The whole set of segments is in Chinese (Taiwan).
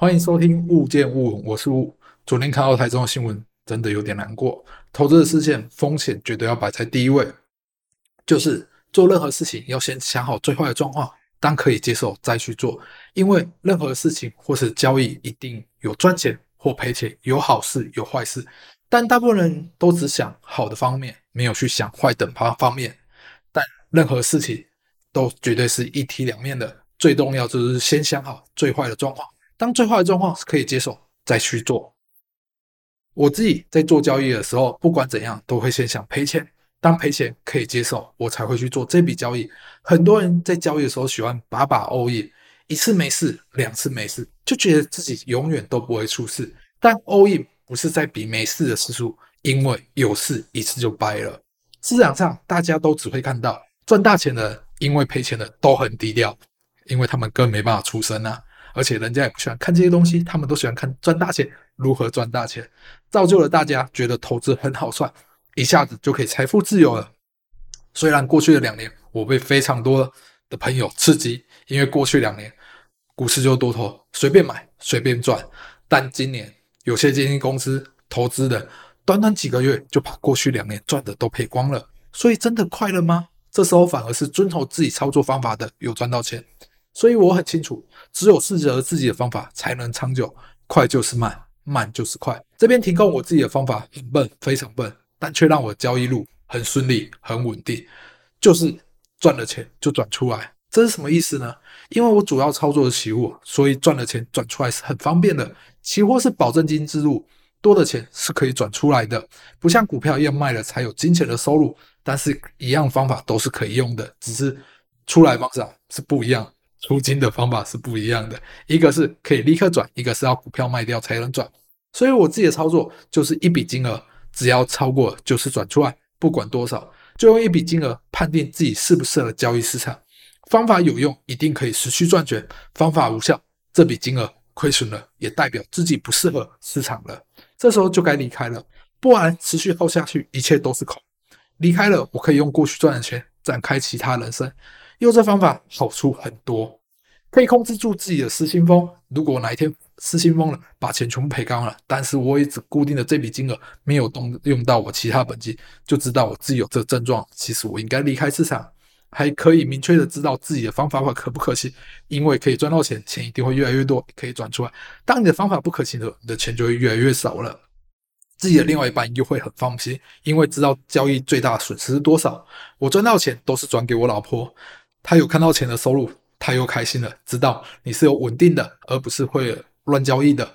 歡迎收聽物見物聞，我是物。昨天看到台中的新聞，真的有點難過。投資的事件，風險絕對要擺在第一位。就是做任何事情要先想好最壞的狀況，當可以接受再去做。因為任何事情或是交易，一定有賺錢或賠錢，有好事有壞事。但大部分人都只想好的方面，沒有去想壞等方方面。但任何事情都絕對是一體兩面的，最重要就是先想好最壞的狀況。當最壞的狀況是可以接受，再去做。我自己在做交易的時候，不管怎樣都會先想賠錢。當賠錢可以接受，我才會去做這筆交易。很多人在交易的時候喜歡把把 all in，一次沒事，兩次沒事，就覺得自己永遠都不會出事。但 all in 不是在比沒事的次數，因為有事一次就掰了。市場上大家都只會看到賺大錢的，因為賠錢的都很低調，因為他們根本沒辦法出聲呢、啊。而且人家也不喜歡看這些東西，他們都喜歡看賺大錢，如何賺大錢，造就了大家覺得投資很好賺，一下子就可以財富自由了。雖然過去的兩年我被非常多的朋友刺激，因為過去兩年股市就多頭，隨便買隨便賺，但今年有些基金公司投資的，短短幾個月就把過去兩年賺的都賠光了。所以真的快樂嗎？這時候反而是遵守自己操作方法的有賺到錢。所以我很清楚，只有適合自己的方法才能長久。快就是慢，慢就是快。這邊提供我自己的方法，很笨，非常笨，但卻讓我的交易路很順利、很穩定。就是賺了錢就轉出來，這是什麼意思呢？因為我主要操作的期貨，所以賺了錢轉出來是很方便的。期貨是保證金制度，多的錢是可以轉出來的，不像股票一樣賣了才有金錢的收入。但是一樣的方法都是可以用的，只是出來方式啊是不一樣。出金的方法是不一樣的，一個是可以立刻轉，一個是要股票賣掉才能轉。所以我自己的操作就是一筆金額只要超過就是轉出來，不管多少。就用一筆金額判定自己適不適合交易市場。方法有用，一定可以持續賺錢；方法無效，這筆金額虧損了也代表自己不適合市場了。這時候就該離開了，不然持續耗下去一切都是空。離開了，我可以用過去賺的錢展開其他人生。用這方法好處很多，可以控制住自己的失心瘋。如果哪一天失心瘋了，把錢全部賠光了，但是我也只固定了這筆金額，沒有動用到我其他本金，就知道我自己有這症狀，其實我應該離開市場。還可以明確的知道自己的方法可不可行，因為可以賺到錢，錢一定會越來越多，可以轉出來。當你的方法不可行的，你的錢就會越來越少了。了自己的另外一半又會很放心，因為知道交易最大的損失是多少。我賺到錢都是轉給我老婆。他有看到錢的收入，他又開心了，知道你是有穩定的，而不是會亂交易的。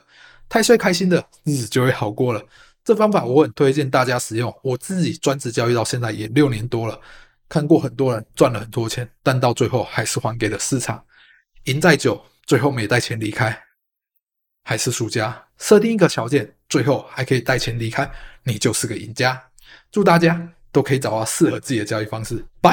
太歲開心的日子就會好過了。這方法我很推薦大家使用，我自己專職交易到現在也六年多了，看過很多人賺了很多錢，但到最後還是還給了市場，贏再久，最後沒帶錢離開，還是輸家。設定一個條件，最後還可以帶錢離開，你就是個贏家。祝大家都可以找到適合自己的交易方式，拜。